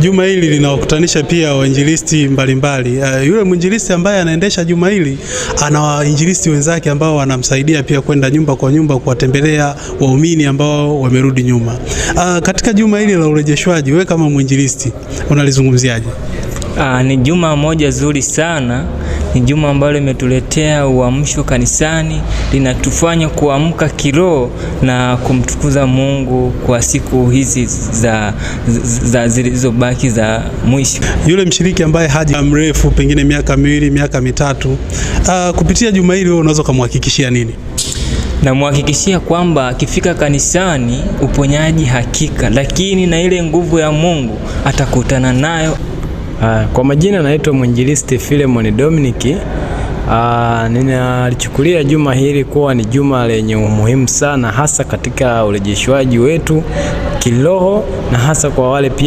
Juma hili linawakutanisha pia wainjilisti mbalimbali. Uh, yule mwinjilisti ambaye anaendesha juma hili ana wainjilisti wenzake ambao wanamsaidia pia kwenda nyumba kwa nyumba kuwatembelea waumini ambao wamerudi nyuma. Uh, katika juma hili la urejeshwaji, we kama mwinjilisti unalizungumziaje? Aa, ah, ni juma moja zuri sana. Ni juma ambalo imetuletea uamsho kanisani, linatufanya kuamka kiroho na kumtukuza Mungu kwa siku hizi za, za zilizobaki za mwisho. Yule mshiriki ambaye haji mrefu, pengine miaka miwili, miaka mitatu, aa, ah, kupitia juma hili wewe unaweza kumhakikishia nini? Namhakikishia kwamba akifika kanisani uponyaji hakika, lakini na ile nguvu ya Mungu atakutana nayo. Ah, kwa majina naitwa Mwinjilisti Filemon Dominic. Ah, ninalichukulia juma hili kuwa ni juma lenye umuhimu sana hasa katika urejeshwaji wetu kiroho na hasa kwa wale pia